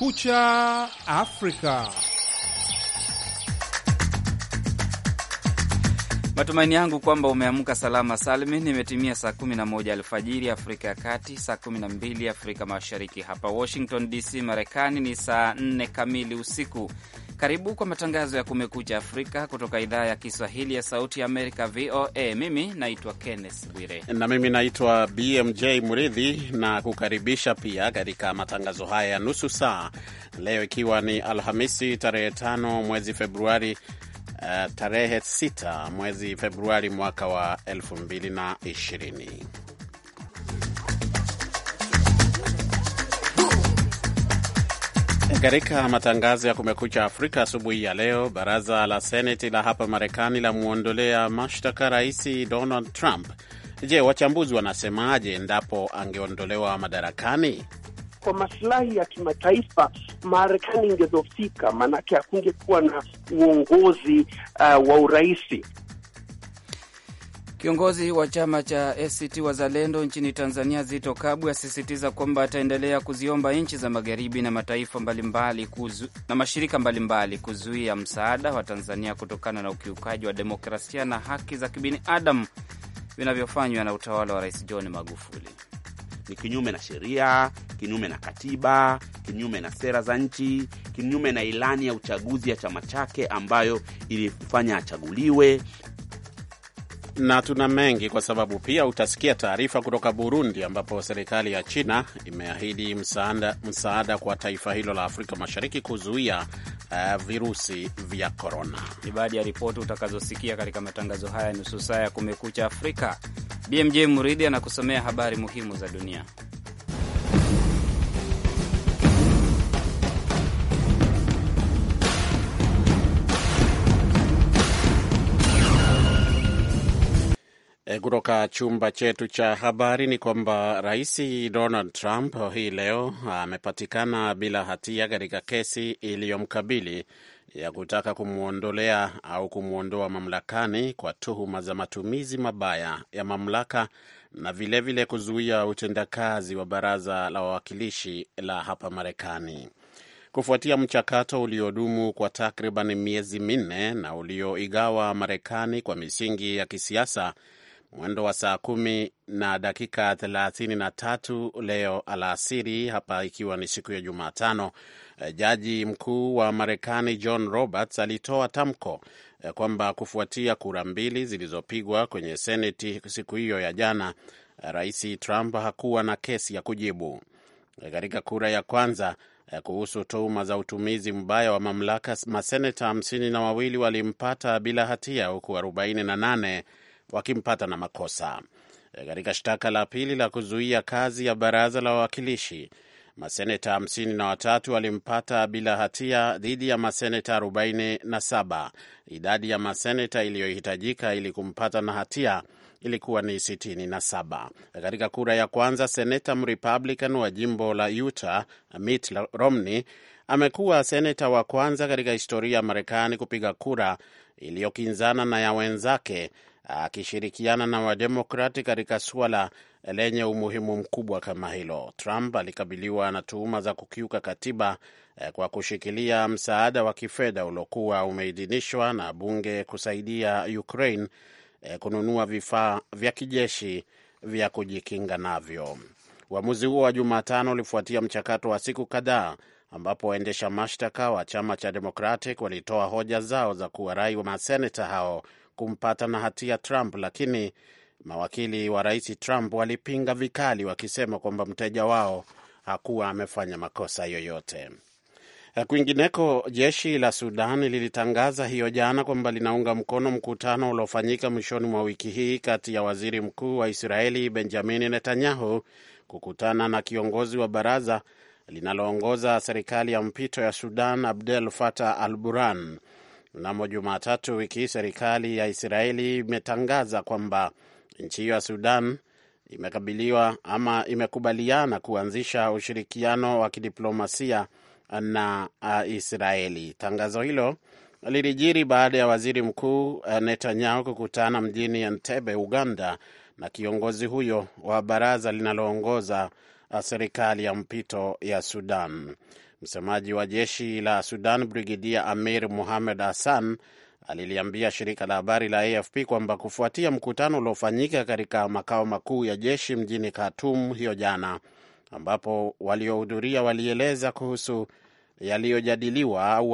Kucha Afrika. Matumaini yangu kwamba umeamka salama salmi Imetimia saa 11 alfajiri Afrika ya Kati, saa 12 Afrika Mashariki. Hapa Washington DC, Marekani ni saa 4 kamili usiku. Karibu kwa matangazo ya Kumekucha Afrika kutoka idhaa ya Kiswahili ya Sauti ya Amerika, VOA. Mimi naitwa Kenneth Bwire na mimi naitwa BMJ mridhi na kukaribisha pia katika matangazo haya ya nusu saa leo, ikiwa ni Alhamisi tarehe tano mwezi Februari uh, tarehe 6 mwezi Februari mwaka wa 220 Katika matangazo ya Kumekucha Afrika asubuhi ya leo, baraza la seneti la hapa Marekani lamwondolea mashtaka Rais Donald Trump. Je, wachambuzi wanasemaje endapo angeondolewa madarakani? Kwa masilahi ya kimataifa Marekani ingezofika, maanake hakungekuwa na uongozi uh, wa urahisi Kiongozi wa chama cha ACT Wazalendo nchini Tanzania, Zito Kabwe, asisitiza kwamba ataendelea kuziomba nchi za magharibi na mataifa mbalimbali kuzu, na mashirika mbalimbali kuzuia msaada wa Tanzania kutokana na ukiukaji wa demokrasia na haki za kibinadamu vinavyofanywa na utawala wa Rais John Magufuli. Ni kinyume na sheria, kinyume na katiba, kinyume na sera za nchi, kinyume na ilani ya uchaguzi ya chama chake ambayo ilifanya achaguliwe na tuna mengi kwa sababu pia utasikia taarifa kutoka Burundi ambapo serikali ya China imeahidi msaada, msaada kwa taifa hilo la Afrika Mashariki kuzuia uh, virusi vya korona. Ni baadhi ya ripoti utakazosikia katika matangazo haya nusu saa ya Kumekucha Afrika. BMJ Muridi anakusomea habari muhimu za dunia. kutoka chumba chetu cha habari ni kwamba Rais Donald Trump hii leo amepatikana bila hatia katika kesi iliyomkabili ya kutaka kumwondolea au kumwondoa mamlakani kwa tuhuma za matumizi mabaya ya mamlaka na vilevile vile kuzuia utendakazi wa baraza la wawakilishi la hapa Marekani. Kufuatia mchakato uliodumu kwa takriban miezi minne na ulioigawa Marekani kwa misingi ya kisiasa, mwendo wa saa kumi na dakika thelathini na tatu leo alasiri, hapa ikiwa ni siku ya Jumatano, eh, jaji mkuu wa Marekani John Roberts alitoa tamko eh, kwamba kufuatia kura mbili zilizopigwa kwenye seneti siku hiyo ya jana, eh, rais Trump hakuwa na kesi ya kujibu katika kura ya kwanza kuhusu tuhuma za utumizi mbaya wa mamlaka. Maseneta hamsini na wawili walimpata bila hatia huku arobaini na nane wakimpata na makosa. E, katika shtaka la pili la kuzuia kazi ya baraza la wawakilishi, maseneta watatu walimpata bila hatia dhidi ya maseneta saba. Idadi ya maseneta iliyohitajika ili kumpata na hatia ilikuwa ni saba. E, katika kura ya kwanza, seneta mrepublican wa jimbo la Utah Mitt Romney amekuwa seneta wa kwanza katika historia ya Marekani kupiga kura iliyokinzana na ya wenzake akishirikiana na Wademokrati katika suala lenye umuhimu mkubwa kama hilo. Trump alikabiliwa na tuhuma za kukiuka katiba eh, kwa kushikilia msaada wa kifedha uliokuwa umeidhinishwa na bunge kusaidia Ukraine eh, kununua vifaa vya kijeshi vya kujikinga navyo. Uamuzi huo wa Jumatano ulifuatia mchakato wa siku kadhaa ambapo waendesha mashtaka wa chama cha Democratic walitoa hoja zao za kuwarai wa maseneta hao kumpata na hatia Trump, lakini mawakili wa rais Trump walipinga vikali, wakisema kwamba mteja wao hakuwa amefanya makosa yoyote. Eh, kwingineko, jeshi la Sudan lilitangaza hiyo jana kwamba linaunga mkono mkutano uliofanyika mwishoni mwa wiki hii kati ya waziri mkuu wa Israeli Benjamin Netanyahu kukutana na kiongozi wa baraza linaloongoza serikali ya mpito ya Sudan Abdel Fattah al-Burhan. Mnamo Jumatatu wiki hii serikali ya Israeli imetangaza kwamba nchi hiyo ya Sudan imekabiliwa ama imekubaliana kuanzisha ushirikiano wa kidiplomasia na Israeli. Tangazo hilo lilijiri baada ya waziri mkuu Netanyahu kukutana mjini Entebbe, Uganda, na kiongozi huyo wa baraza linaloongoza serikali ya mpito ya Sudan. Msemaji wa jeshi la Sudan, Brigedia Amir muhamed Hassan, aliliambia shirika la habari la AFP kwamba kufuatia mkutano uliofanyika katika makao makuu ya jeshi mjini Khartoum hiyo jana, ambapo waliohudhuria walieleza kuhusu yaliyojadiliwa au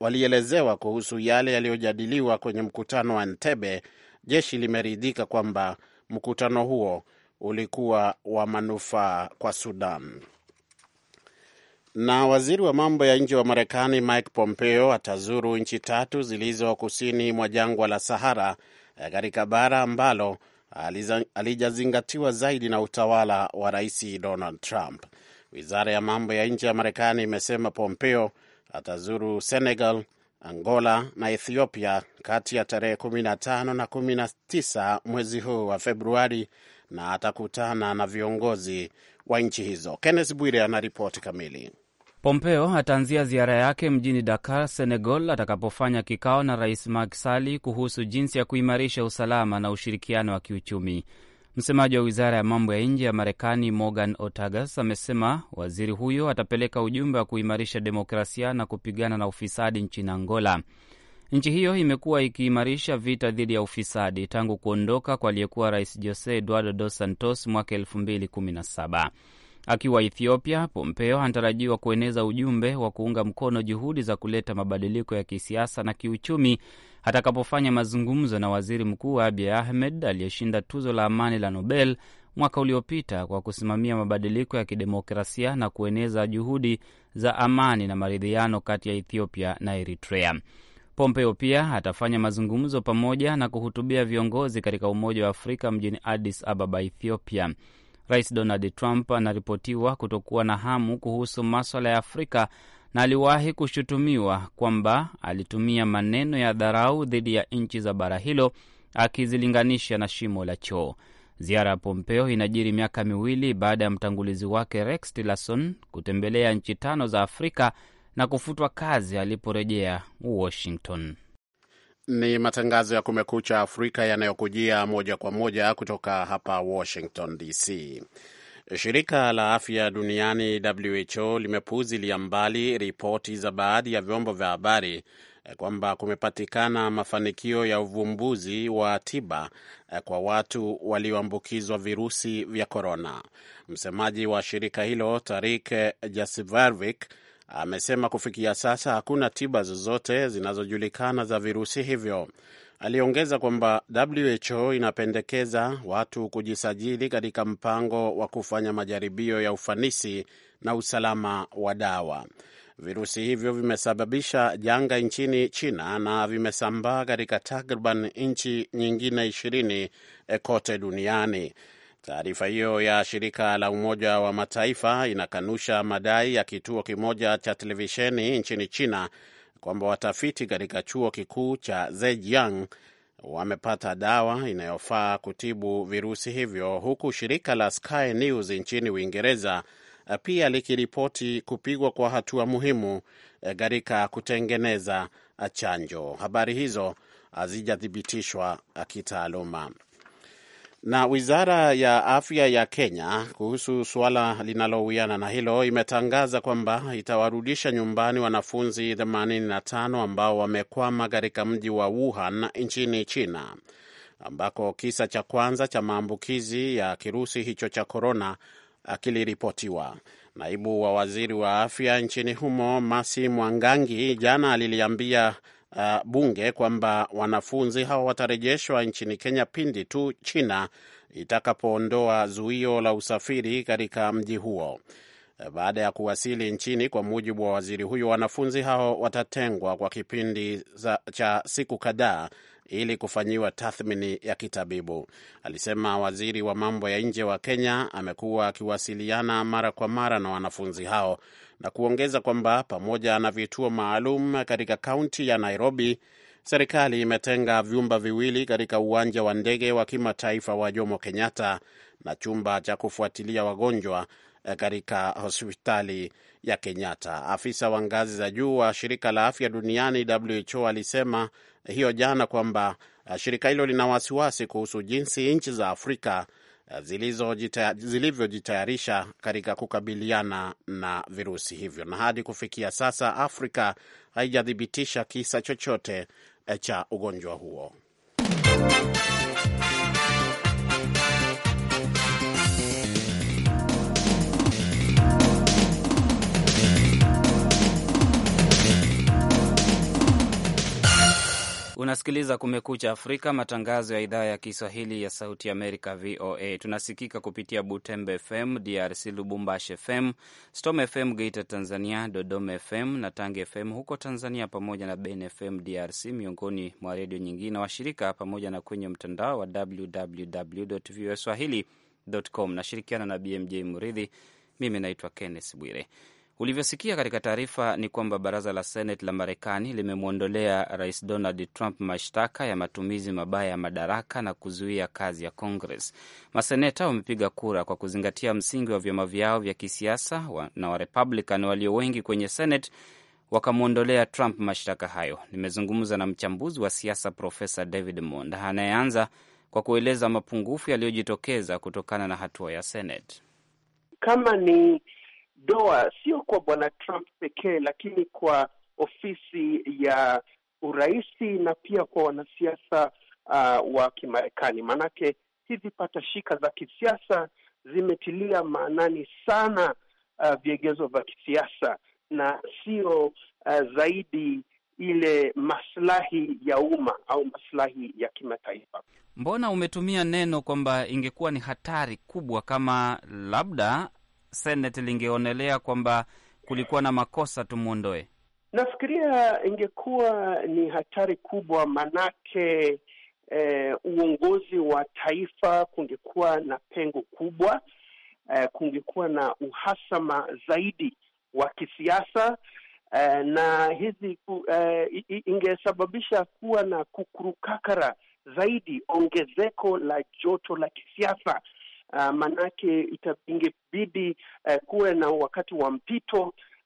walielezewa kuhusu yale yaliyojadiliwa kwenye mkutano wa Entebbe, jeshi limeridhika kwamba mkutano huo ulikuwa wa manufaa kwa Sudan. Na waziri wa mambo ya nje wa Marekani Mike Pompeo atazuru nchi tatu zilizo kusini mwa jangwa la Sahara eh, katika bara ambalo alijazingatiwa zaidi na utawala wa Rais Donald Trump. Wizara ya mambo ya nje ya Marekani imesema Pompeo atazuru Senegal, Angola na Ethiopia kati ya tarehe 15 na 19 mwezi huu wa Februari na atakutana na viongozi wa nchi hizo. Kenneth Bwire anaripoti kamili. Pompeo ataanzia ziara yake mjini Dakar, Senegal, atakapofanya kikao na Rais Macky Sall kuhusu jinsi ya kuimarisha usalama na ushirikiano wa kiuchumi. Msemaji wa wizara ya mambo ya nje ya Marekani Morgan Otagas amesema waziri huyo atapeleka ujumbe wa kuimarisha demokrasia na kupigana na ufisadi nchini Angola. Nchi hiyo imekuwa ikiimarisha vita dhidi ya ufisadi tangu kuondoka kwa aliyekuwa rais Jose Eduardo Dos Santos mwaka 2017. Akiwa Ethiopia, Pompeo anatarajiwa kueneza ujumbe wa kuunga mkono juhudi za kuleta mabadiliko ya kisiasa na kiuchumi atakapofanya mazungumzo na waziri mkuu Abiy Ahmed aliyeshinda tuzo la amani la Nobel mwaka uliopita kwa kusimamia mabadiliko ya kidemokrasia na kueneza juhudi za amani na maridhiano kati ya Ethiopia na Eritrea. Pompeo pia atafanya mazungumzo pamoja na kuhutubia viongozi katika Umoja wa Afrika mjini Addis Ababa, Ethiopia. Rais Donald Trump anaripotiwa kutokuwa na hamu kuhusu maswala ya Afrika na aliwahi kushutumiwa kwamba alitumia maneno ya dharau dhidi ya nchi za bara hilo akizilinganisha na shimo la choo. Ziara ya Pompeo inajiri miaka miwili baada ya mtangulizi wake Rex Tillerson kutembelea nchi tano za Afrika na kufutwa kazi aliporejea Washington. Ni matangazo ya Kumekucha Afrika yanayokujia moja kwa moja kutoka hapa Washington DC. Shirika la afya duniani WHO limepuuzilia mbali ripoti za baadhi ya vyombo vya habari eh, kwamba kumepatikana mafanikio ya uvumbuzi wa tiba eh, kwa watu walioambukizwa virusi vya korona. Msemaji wa shirika hilo Tarik Jasivarvik amesema kufikia sasa hakuna tiba zozote zinazojulikana za virusi hivyo. Aliongeza kwamba WHO inapendekeza watu kujisajili katika mpango wa kufanya majaribio ya ufanisi na usalama wa dawa. Virusi hivyo vimesababisha janga nchini China na vimesambaa katika takriban nchi nyingine ishirini kote duniani. Taarifa hiyo ya shirika la Umoja wa Mataifa inakanusha madai ya kituo kimoja cha televisheni nchini China kwamba watafiti katika chuo kikuu cha Zhejiang wamepata dawa inayofaa kutibu virusi hivyo, huku shirika la Sky News nchini Uingereza pia likiripoti kupigwa kwa hatua muhimu eh, katika kutengeneza chanjo. Habari hizo hazijathibitishwa eh, kitaaluma. Na wizara ya afya ya Kenya kuhusu suala linalowiana na hilo imetangaza kwamba itawarudisha nyumbani wanafunzi 85 ambao wamekwama katika mji wa Wuhan nchini China, ambako kisa cha kwanza cha maambukizi ya kirusi hicho cha korona uh, kiliripotiwa. Naibu wa waziri wa afya nchini humo Masi Mwangangi jana aliliambia uh, bunge kwamba wanafunzi hao watarejeshwa nchini Kenya pindi tu China itakapoondoa zuio la usafiri katika mji huo. Uh, baada ya kuwasili nchini, kwa mujibu wa waziri huyo, wanafunzi hao watatengwa kwa kipindi za cha siku kadhaa ili kufanyiwa tathmini ya kitabibu. Alisema waziri wa mambo ya nje wa Kenya amekuwa akiwasiliana mara kwa mara na wanafunzi hao na kuongeza kwamba pamoja na vituo maalum katika kaunti ya Nairobi, serikali imetenga vyumba viwili katika uwanja wa ndege wa kimataifa wa Jomo Kenyatta na chumba cha kufuatilia wagonjwa Eh, katika hospitali ya Kenyatta. Afisa wa ngazi za juu wa shirika la afya duniani WHO alisema hiyo jana kwamba eh, shirika hilo lina wasiwasi kuhusu jinsi nchi za Afrika eh, zilivyojitayarisha katika kukabiliana na virusi hivyo, na hadi kufikia sasa Afrika haijathibitisha kisa chochote cha ugonjwa huo. Unasikiliza Kumekucha Afrika, matangazo ya idhaa ya Kiswahili ya Sauti Amerika, VOA. Tunasikika kupitia Butembe FM DRC, Lubumbashi FM, Storm FM Geita Tanzania, Dodoma FM na Tange FM huko Tanzania, pamoja na Ben FM DRC, miongoni mwa redio nyingine washirika, pamoja na kwenye mtandao wa www voa swahili com. Nashirikiana na BMJ Muridhi. Mimi naitwa Kenneth Bwire. Ulivyosikia katika taarifa ni kwamba baraza la senate la Marekani limemwondolea Rais Donald Trump mashtaka ya matumizi mabaya ya madaraka na kuzuia kazi ya Congress. Maseneta wamepiga kura kwa kuzingatia msingi wa vyama vyao vya kisiasa wa, na Warepublican walio wengi kwenye Senate wakamwondolea Trump mashtaka hayo. Nimezungumza na mchambuzi wa siasa Profesa David Monda anayeanza kwa kueleza mapungufu yaliyojitokeza kutokana na hatua ya Senate. Kama ni doa sio kwa bwana Trump pekee, lakini kwa ofisi ya uraisi na pia kwa wanasiasa uh, wa Kimarekani. Maanake hizi patashika za kisiasa zimetilia maanani sana uh, viegezo vya kisiasa na sio uh, zaidi ile maslahi ya umma au maslahi ya kimataifa. Mbona umetumia neno kwamba ingekuwa ni hatari kubwa kama labda senet lingeonelea kwamba kulikuwa na makosa tumwondoe? Nafikiria ingekuwa ni hatari kubwa, manake eh, uongozi wa taifa kungekuwa na pengo kubwa eh, kungekuwa na uhasama zaidi wa kisiasa eh, na hizi eh, ingesababisha kuwa na kukurukakara zaidi, ongezeko la joto la kisiasa uh, manake ingebidi uh, eh, kuwe na wakati wa mpito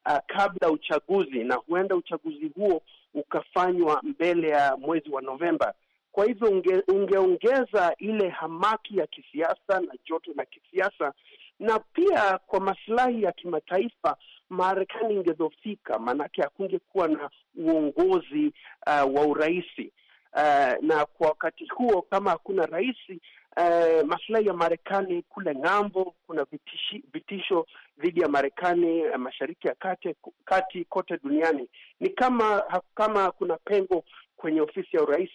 uh, kabla uchaguzi, na huenda uchaguzi huo ukafanywa mbele ya mwezi wa Novemba. Kwa hivyo unge, ungeongeza ile hamaki ya kisiasa na joto la kisiasa, na pia kwa masilahi ya kimataifa Marekani ingedhofika, maanake hakungekuwa na uongozi uh, wa urahisi uh, na kwa wakati huo kama hakuna rais uh, eh, masilahi ya Marekani kule ng'ambo, kuna vitishi, vitisho dhidi ya Marekani uh, mashariki ya kati, kati kote duniani ni kama, kama kuna pengo kwenye ofisi ya urais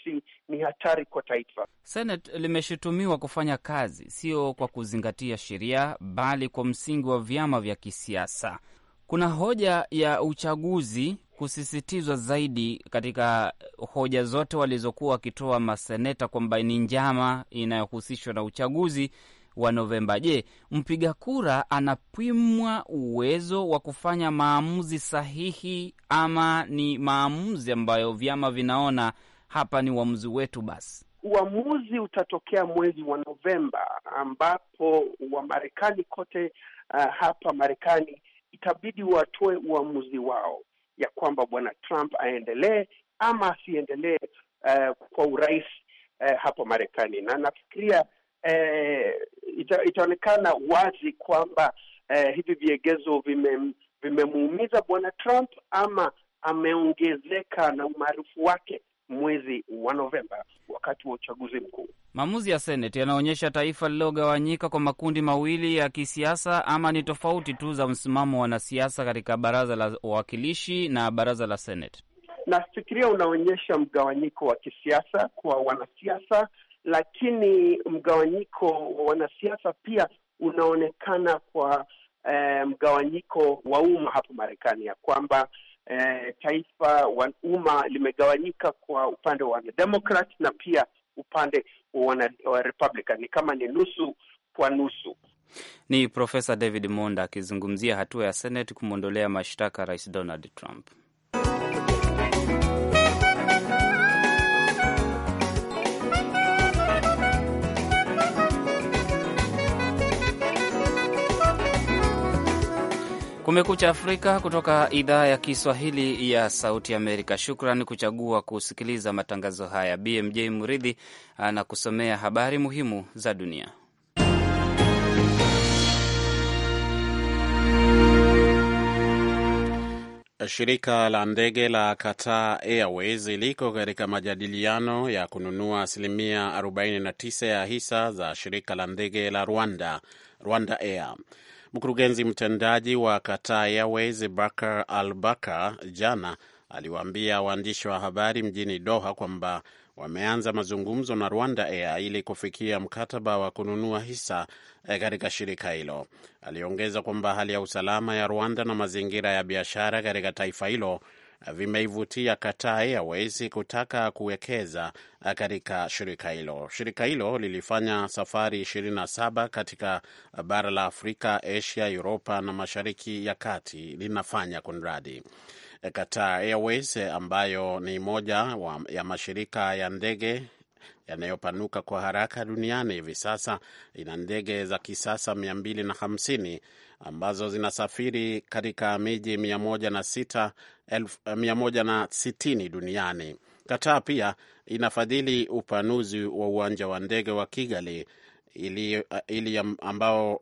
ni hatari kwa taifa. Senate limeshutumiwa kufanya kazi sio kwa kuzingatia sheria, bali kwa msingi wa vyama vya kisiasa kuna hoja ya uchaguzi kusisitizwa zaidi katika hoja zote walizokuwa wakitoa maseneta kwamba ni njama inayohusishwa na uchaguzi wa Novemba. Je, mpiga kura anapimwa uwezo wa kufanya maamuzi sahihi ama ni maamuzi ambayo vyama vinaona hapa ni uamuzi wetu basi? Uamuzi utatokea mwezi wa Novemba ambapo Wamarekani kote, uh, hapa Marekani itabidi watoe uamuzi wao ya kwamba bwana Trump aendelee ama asiendelee uh, kwa urais uh, eh, hapa Marekani, na nafikiria uh, ita, itaonekana wazi kwamba uh, hivi viegezo vimemuumiza vime bwana Trump ama ameongezeka na umaarufu wake mwezi wa Novemba wakati wa uchaguzi mkuu. Maamuzi ya Seneti yanaonyesha taifa lililogawanyika kwa makundi mawili ya kisiasa, ama ni tofauti tu za msimamo wa wanasiasa katika baraza la wawakilishi na baraza la Seneti. Nafikiria unaonyesha mgawanyiko wa kisiasa kwa wanasiasa, lakini mgawanyiko wa wanasiasa pia unaonekana kwa eh, mgawanyiko wa umma hapa Marekani ya kwamba eh, taifa wa umma limegawanyika kwa upande wa wanademokrat na pia upande wa, wa Republican. Ni kama ni nusu kwa nusu. Ni Profesa David Monda akizungumzia hatua ya Senate kumwondolea mashtaka Rais Donald Trump. Kumekucha Afrika kutoka idhaa ya Kiswahili ya Sauti Amerika. Shukran kuchagua kusikiliza matangazo haya. BMJ Muridhi anakusomea habari muhimu za dunia. Shirika la ndege la Qatar Airways liko katika majadiliano ya kununua asilimia 49 ya hisa za shirika la ndege la Rwanda, Rwanda Air. Mkurugenzi mtendaji wa Qatar Airways Bakar Al Bakar jana aliwaambia waandishi wa habari mjini Doha kwamba wameanza mazungumzo na Rwanda Air ili kufikia mkataba wa kununua hisa e, katika shirika hilo. Aliongeza kwamba hali ya usalama ya Rwanda na mazingira ya biashara katika taifa hilo vimeivutia Qatar Airways kutaka kuwekeza eh, katika shirika hilo. Shirika hilo lilifanya safari 27 katika eh, bara la Afrika, Asia, Uropa na mashariki ya kati, linafanya kunradi Qatar eh, Airways ambayo ni moja ya mashirika ya ndege yanayopanuka kwa haraka duniani hivi sasa ina ndege za kisasa 250 ambazo zinasafiri katika miji 160 eh, duniani. Kataa pia inafadhili upanuzi wa uwanja wa ndege wa Kigali ili, eh, ili ambao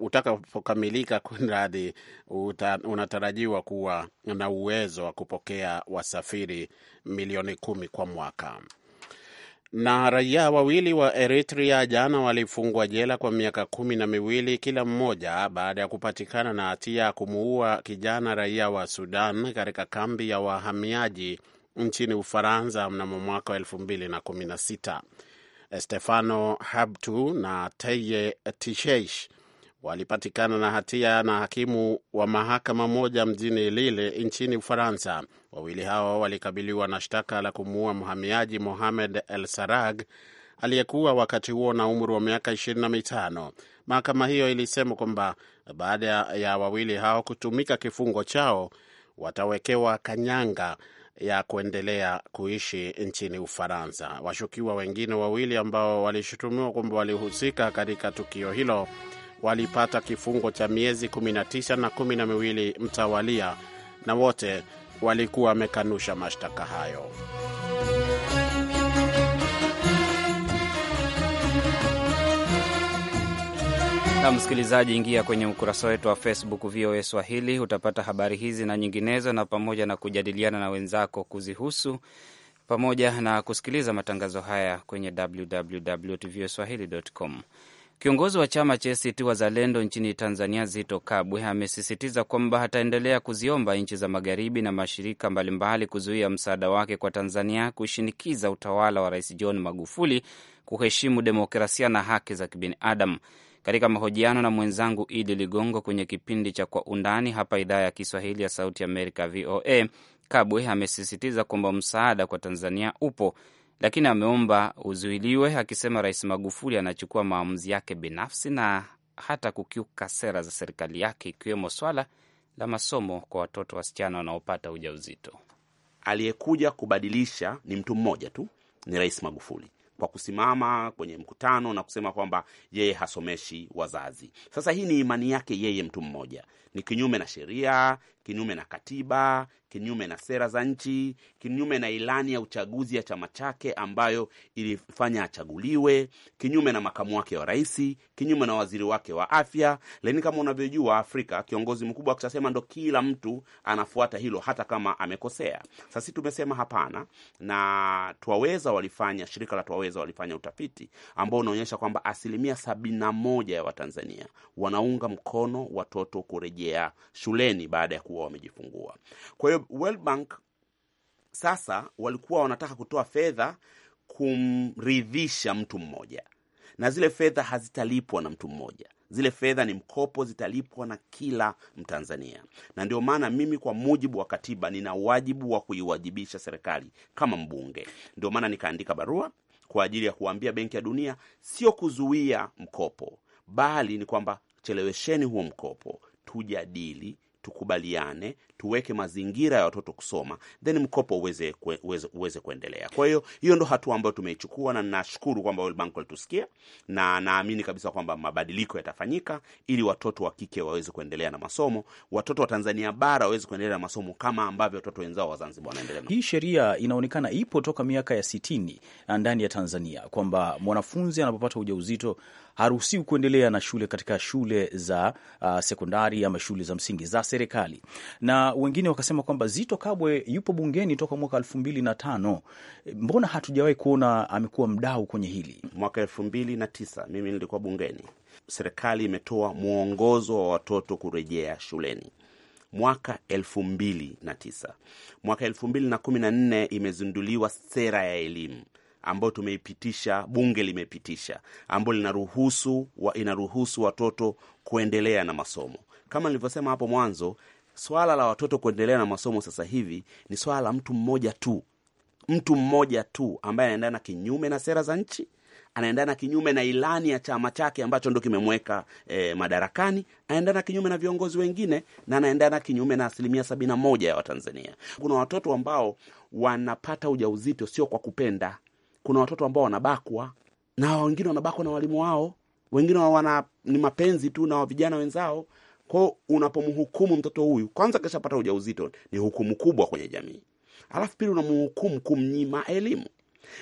utakapokamilika kunradhi, uta, unatarajiwa kuwa na uwezo wa kupokea wasafiri milioni kumi kwa mwaka. Na raia wawili wa Eritrea jana walifungwa jela kwa miaka kumi na miwili kila mmoja baada ya kupatikana na hatia ya kumuua kijana raia wa Sudan katika kambi ya wahamiaji nchini Ufaransa mnamo mwaka wa elfu mbili na kumi na sita. Stefano Habtu na Teye Tisheish walipatikana na hatia na hakimu wa mahakama moja mjini Lille nchini Ufaransa. Wawili hao walikabiliwa na shtaka la kumuua mhamiaji Mohamed El Sarag aliyekuwa wakati huo na umri wa miaka ishirini na mitano. Mahakama hiyo ilisema kwamba baada ya wawili hao kutumika kifungo chao watawekewa kanyanga ya kuendelea kuishi nchini Ufaransa. Washukiwa wengine wawili ambao walishutumiwa kwamba walihusika katika tukio hilo walipata kifungo cha miezi 19 na 12 mtawalia, na wote walikuwa wamekanusha mashtaka hayo. Na msikilizaji, ingia kwenye ukurasa wetu wa Facebook VOA Swahili, utapata habari hizi na nyinginezo, na pamoja na kujadiliana na wenzako kuzihusu, pamoja na kusikiliza matangazo haya kwenye www voaswahili.com. Kiongozi wa chama cha ACT Wazalendo nchini Tanzania, Zito Kabwe, amesisitiza kwamba ataendelea kuziomba nchi za magharibi na mashirika mbalimbali kuzuia msaada wake kwa Tanzania, kushinikiza utawala wa Rais John Magufuli kuheshimu demokrasia na haki za kibinadamu. Katika mahojiano na mwenzangu Idi Ligongo kwenye kipindi cha Kwa Undani hapa idhaa ya Kiswahili ya Sauti Amerika, VOA, Kabwe amesisitiza kwamba msaada kwa Tanzania upo lakini ameomba uzuiliwe, akisema Rais Magufuli anachukua maamuzi yake binafsi na hata kukiuka sera za serikali yake, ikiwemo swala la masomo kwa watoto wasichana wanaopata ujauzito. Aliyekuja kubadilisha ni mtu mmoja tu, ni Rais Magufuli kwa kusimama kwenye mkutano na kusema kwamba yeye hasomeshi wazazi. Sasa hii ni imani yake yeye mtu mmoja, ni kinyume na sheria, kinyume na katiba, kinyume na sera za nchi, kinyume na ilani ya uchaguzi ya chama chake ambayo ilifanya achaguliwe, kinyume na makamu wake wa rais, kinyume na waziri wake wa afya. Lakini kama unavyojua, Afrika kiongozi mkubwa akishasema ndo kila mtu anafuata hilo, hata kama amekosea. Sasi tumesema hapana, na Twaweza walifanya, shirika la Twaweza walifanya utafiti ambao unaonyesha kwamba asilimia sabini na moja ya Watanzania wanaunga mkono watoto kurejea kurejea shuleni baada ya kuwa wamejifungua. Kwa hiyo World Bank sasa walikuwa wanataka kutoa fedha kumridhisha mtu mmoja, na zile fedha hazitalipwa na mtu mmoja zile fedha ni mkopo, zitalipwa na kila Mtanzania. Na ndio maana mimi kwa mujibu wa katiba nina wajibu wa kuiwajibisha serikali kama mbunge. Ndio maana nikaandika barua kwa ajili ya kuambia Benki ya Dunia, sio kuzuia mkopo, bali ni kwamba chelewesheni huo mkopo tujadili, tukubaliane tuweke mazingira ya watoto kusoma, then mkopo uweze, kwe, uweze, uweze kuendelea. Kwa hiyo hiyo ndo hatua ambayo tumeichukua, na nashukuru kwamba World Bank walitusikia, na naamini kabisa kwamba mabadiliko yatafanyika ili watoto wa kike waweze kuendelea na masomo, watoto wa Tanzania bara waweze kuendelea na masomo kama ambavyo watoto wenzao wa Zanzibar wanaendelea. Hii sheria inaonekana ipo toka miaka ya sitini ndani ya Tanzania kwamba mwanafunzi anapopata ujauzito haruhusiwi kuendelea na shule katika shule za uh, sekondari ama shule za msingi za serikali na wengine wakasema kwamba Zito Kabwe yupo bungeni toka mwaka elfu mbili na tano. Mbona hatujawahi kuona amekuwa mdau kwenye hili? Mwaka elfu mbili na tisa mimi nilikuwa bungeni, serikali imetoa mwongozo wa watoto kurejea shuleni mwaka elfu mbili na tisa. Mwaka elfu mbili na kumi na nne imezinduliwa sera ya elimu ambayo tumeipitisha, bunge limepitisha, ambayo linaruhusu wa, inaruhusu watoto kuendelea na masomo. Kama nilivyosema hapo mwanzo, swala la watoto kuendelea na masomo sasa hivi ni swala la mtu mmoja tu, mtu mmoja tu ambaye anaendana kinyume na sera za nchi, anaendana kinyume na ilani ya chama chake ambacho ndo kimemweka e, madarakani, anaendana kinyume na viongozi wengine na anaendana kinyume na asilimia sabini na moja ya Watanzania. Kuna watoto ambao wanapata ujauzito sio kwa kupenda, kuna watoto ambao wanabakwa na wengine wanabakwa na walimu wao, wengine wana ni mapenzi tu na vijana wenzao kwao. Unapomhukumu mtoto huyu, kwanza kishapata ujauzito, ni hukumu kubwa kwenye jamii, alafu pili unamhukumu kumnyima elimu,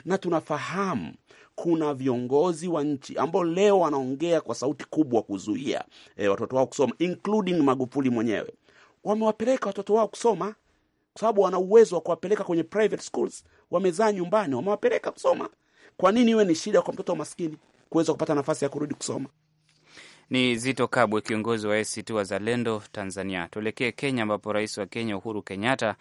na tunafahamu kuna viongozi wa nchi ambao leo wanaongea kwa sauti kubwa kuzuia e, watoto wao kusoma, including Magufuli mwenyewe. Wamewapeleka watoto wao kusoma kwa sababu wana uwezo wa kuwapeleka kwenye private schools, wamezaa nyumbani, wamewapeleka kusoma. Kwa nini iwe ni shida kwa mtoto maskini kuweza kupata nafasi ya kurudi kusoma? Ni Zito Kabwe, kiongozi wa ACT Wazalendo Tanzania. Tuelekee Kenya, ambapo rais wa Kenya Uhuru Kenyatta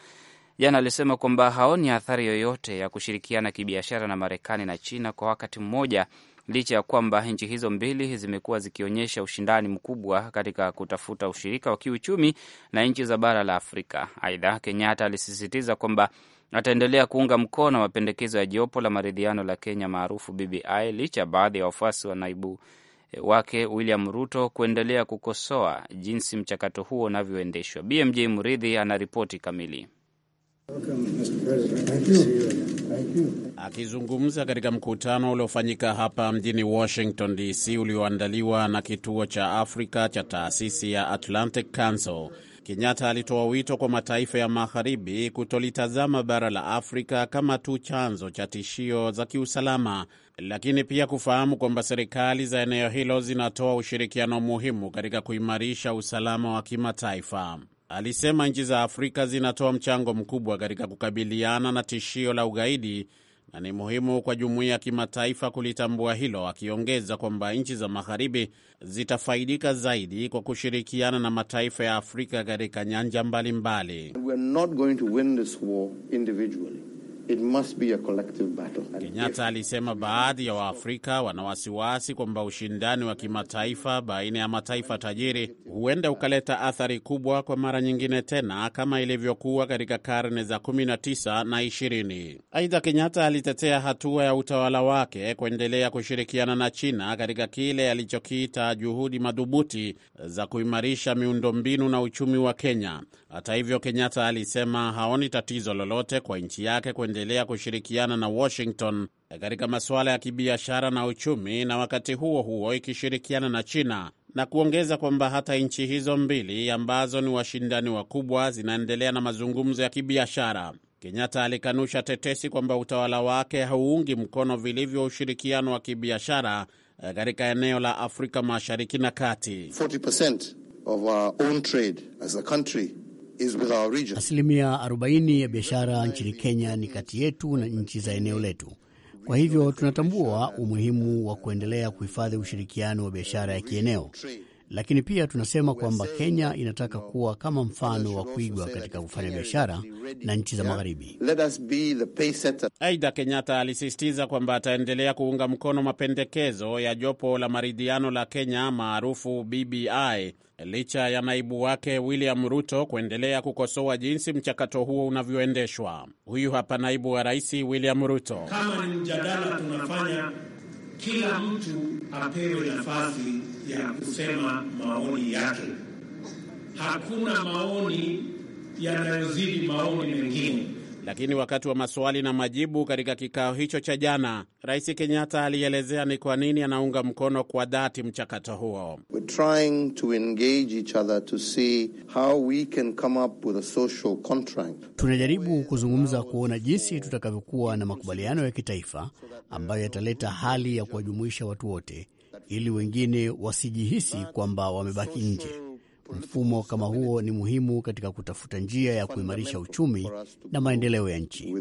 jana alisema kwamba haoni athari yoyote ya kushirikiana kibiashara na Marekani na China kwa wakati mmoja, licha ya kwamba nchi hizo mbili zimekuwa zikionyesha ushindani mkubwa katika kutafuta ushirika wa kiuchumi na nchi za bara la Afrika. Aidha, Kenyatta alisisitiza kwamba ataendelea kuunga mkono mapendekezo ya jopo la maridhiano la Kenya maarufu BBI licha ya baadhi ya wafuasi wa naibu wake William Ruto kuendelea kukosoa jinsi mchakato huo unavyoendeshwa. BMJ Muridhi ana ripoti kamili. Akizungumza katika mkutano uliofanyika hapa mjini Washington DC ulioandaliwa na kituo cha Afrika cha taasisi ya Atlantic Council Kenyatta alitoa wito kwa mataifa ya magharibi kutolitazama bara la Afrika kama tu chanzo cha tishio za kiusalama, lakini pia kufahamu kwamba serikali za eneo hilo zinatoa ushirikiano muhimu katika kuimarisha usalama wa kimataifa. Alisema nchi za Afrika zinatoa mchango mkubwa katika kukabiliana na tishio la ugaidi na ni muhimu kwa jumuiya ya kimataifa kulitambua hilo, akiongeza kwamba nchi za magharibi zitafaidika zaidi kwa kushirikiana na mataifa ya Afrika katika nyanja mbalimbali mbali. It must be a collective battle. Kenyatta alisema baadhi ya Waafrika wana wasiwasi kwamba ushindani wa kimataifa baina ya mataifa tajiri huenda ukaleta athari kubwa kwa mara nyingine tena kama ilivyokuwa katika karne za 19 na 20. Aidha, Kenyatta alitetea hatua ya utawala wake kuendelea kushirikiana na China katika kile alichokiita juhudi madhubuti za kuimarisha miundombinu na uchumi wa Kenya. Hata hivyo, Kenyatta alisema haoni tatizo lolote kwa nchi yake kuendelea kushirikiana na Washington katika masuala ya kibiashara na uchumi, na wakati huo huo ikishirikiana na China na kuongeza kwamba hata nchi hizo mbili ambazo ni washindani wakubwa zinaendelea na mazungumzo ya kibiashara. Kenyatta alikanusha tetesi kwamba utawala wake hauungi mkono vilivyo ushirikiano wa kibiashara katika eneo la Afrika Mashariki na Kati. 40% of our own trade as a country Asilimia 40 ya biashara nchini Kenya ni kati yetu na nchi za eneo letu. Kwa hivyo tunatambua umuhimu wa kuendelea kuhifadhi ushirikiano wa biashara ya kieneo lakini pia tunasema kwamba Kenya inataka kuwa kama mfano wa kuigwa katika kufanya biashara na nchi za Magharibi. Aidha, Kenyatta alisisitiza kwamba ataendelea kuunga mkono mapendekezo ya jopo la maridhiano la Kenya maarufu BBI licha ya naibu wake William Ruto kuendelea kukosoa jinsi mchakato huo unavyoendeshwa. Huyu hapa naibu wa rais William Ruto. Kama ni mjadala tunafanya kila mtu apewe nafasi ya kusema maoni yake. Hakuna maoni yanayozidi maoni mengine. Lakini wakati wa maswali na majibu katika kikao hicho cha jana, Rais Kenyatta alielezea ni kwa nini anaunga mkono kwa dhati mchakato huo. Tunajaribu kuzungumza kuona jinsi tutakavyokuwa na makubaliano ya kitaifa ambayo yataleta hali ya kuwajumuisha watu wote ili wengine wasijihisi kwamba wamebaki nje. Mfumo kama huo ni muhimu katika kutafuta njia ya kuimarisha uchumi na maendeleo ya nchi.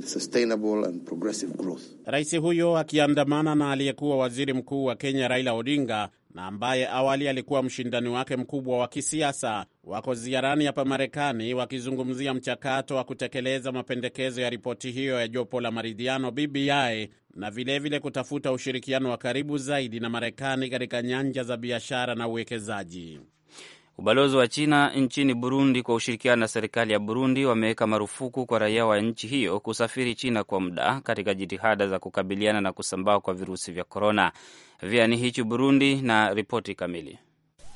Rais huyo akiandamana na aliyekuwa waziri mkuu wa Kenya Raila Odinga na ambaye awali alikuwa mshindani wake mkubwa wa kisiasa wako ziarani hapa Marekani wakizungumzia mchakato wa kutekeleza mapendekezo ya ripoti hiyo ya jopo la maridhiano BBI na vilevile vile kutafuta ushirikiano wa karibu zaidi na Marekani katika nyanja za biashara na uwekezaji. Ubalozi wa China nchini Burundi kwa ushirikiano na serikali ya Burundi wameweka marufuku kwa raia wa nchi hiyo kusafiri China kwa muda katika jitihada za kukabiliana na kusambaa kwa virusi vya korona. Viani hichi Burundi na ripoti kamili.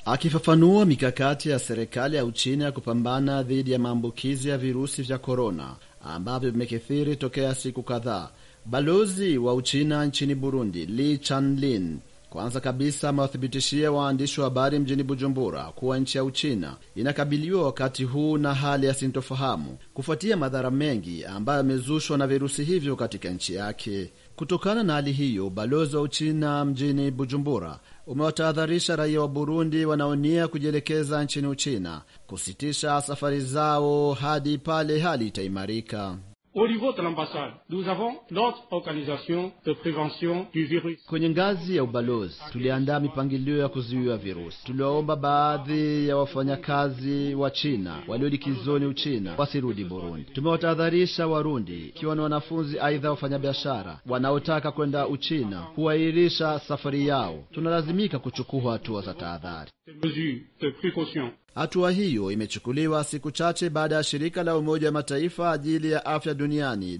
Akifafanua mikakati ya serikali ya Uchina ya kupambana dhidi ya maambukizi ya virusi vya korona ambavyo vimekithiri tokea siku kadhaa, balozi wa Uchina nchini Burundi Li Chanlin kwanza kabisa amewathibitishia waandishi wa habari mjini Bujumbura kuwa nchi ya Uchina inakabiliwa wakati huu na hali ya sintofahamu kufuatia madhara mengi ambayo yamezushwa na virusi hivyo katika nchi yake. Kutokana na hali hiyo, ubalozi wa Uchina mjini Bujumbura umewatahadharisha raia wa Burundi wanaonia kujielekeza nchini Uchina kusitisha safari zao hadi pale hali itaimarika. Au niveau de l'ambassade, nous avons notre organisation de prévention du virus. Kwenye ngazi ya ubalozi tuliandaa mipangilio ya kuzuia virusi. Tuliwaomba baadhi ya wafanyakazi wa China waliolikizoni Uchina wasirudi Burundi. Tumewatahadharisha Warundi ikiwa ni wanafunzi, aidha wafanyabiashara wanaotaka kwenda Uchina kuahirisha safari yao. Tunalazimika kuchukua hatua za tahadhari. Hatua hiyo imechukuliwa siku chache baada ya shirika la Umoja wa Mataifa ajili ya afya duniani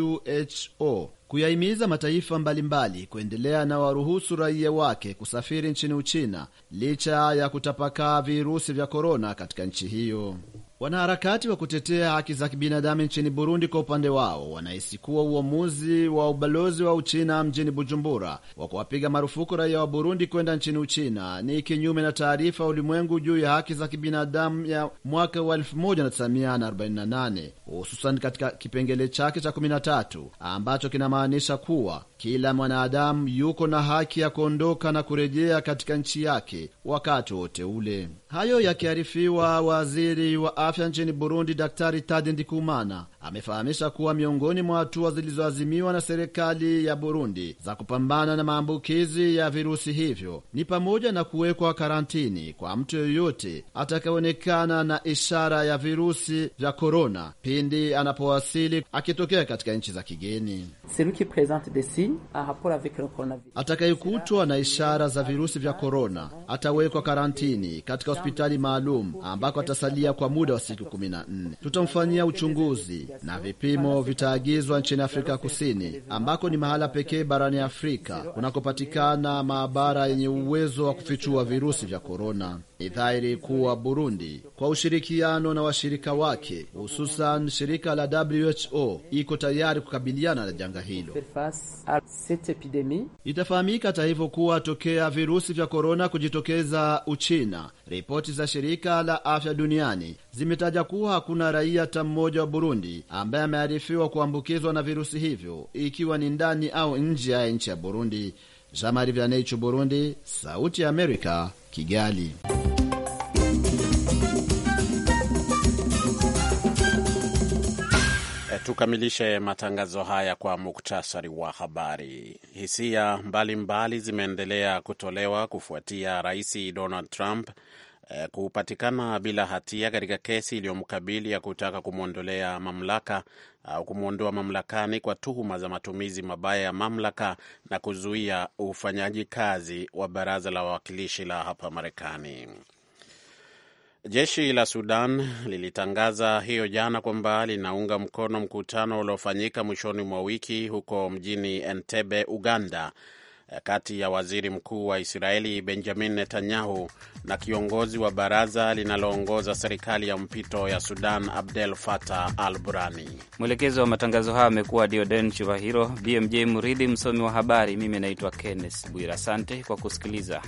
WHO kuyahimiza mataifa mbalimbali kuendelea na waruhusu raia wake kusafiri nchini Uchina licha ya kutapakaa virusi vya korona katika nchi hiyo. Wanaharakati wa kutetea haki za kibinadamu nchini Burundi kwa upande wao wanahisi kuwa uamuzi wa ubalozi wa Uchina mjini Bujumbura wa kuwapiga marufuku raia wa Burundi kwenda nchini Uchina ni kinyume na taarifa ulimwengu juu ya haki za kibinadamu ya mwaka wa 1948 hususan katika kipengele chake cha 13 ambacho kinamaanisha kuwa kila mwanadamu yuko na haki ya kuondoka na kurejea katika nchi yake wakati wote ule. Hayo yakiarifiwa, waziri wa afya nchini Burundi Daktari tadi Ndikumana amefahamisha kuwa miongoni mwa hatua zilizoazimiwa na serikali ya Burundi za kupambana na maambukizi ya virusi hivyo ni pamoja na kuwekwa karantini kwa mtu yoyote atakayeonekana na ishara ya virusi vya korona pindi anapowasili akitokea katika nchi za kigeni. Celui qui presente des signes Ah, Atakayekutwa na ishara za virusi vya korona atawekwa karantini katika hospitali maalum ambako atasalia kwa muda wa siku 14. nne. Tutamfanyia uchunguzi na vipimo vitaagizwa nchini Afrika Kusini, ambako ni mahala pekee barani Afrika kunakopatikana maabara yenye uwezo wa kufichua virusi vya korona. Ni dhahiri kuwa Burundi kwa ushirikiano na washirika wake, hususan shirika la WHO, iko tayari kukabiliana na janga hilo. Itafahamika hata hivyo kuwa tokea virusi vya korona kujitokeza Uchina, ripoti za shirika la afya duniani zimetaja kuwa hakuna raia hata mmoja wa Burundi ambaye amearifiwa kuambukizwa na virusi hivyo, ikiwa ni ndani au nje ya nchi ya Burundi. Jamari Vyanechu, Burundi. Sauti ya Amerika, Kigali. Tukamilishe matangazo haya kwa muktasari wa habari. Hisia mbalimbali zimeendelea kutolewa kufuatia Rais Donald Trump eh, kupatikana bila hatia katika kesi iliyomkabili ya kutaka kumwondolea mamlaka au kumwondoa mamlakani kwa tuhuma za matumizi mabaya ya mamlaka na kuzuia ufanyaji kazi wa baraza la wawakilishi la hapa Marekani. Jeshi la Sudan lilitangaza hiyo jana kwamba linaunga mkono mkutano uliofanyika mwishoni mwa wiki huko mjini Entebbe, Uganda, kati ya waziri mkuu wa Israeli Benjamin Netanyahu na kiongozi wa baraza linaloongoza serikali ya mpito ya Sudan Abdel Fattah al Burani. Mwelekezi wa matangazo haya amekuwa Dioden Chubahiro, BMJ Muridhi msomi wa habari. Mimi naitwa Kenneth Bwira, asante kwa kusikiliza.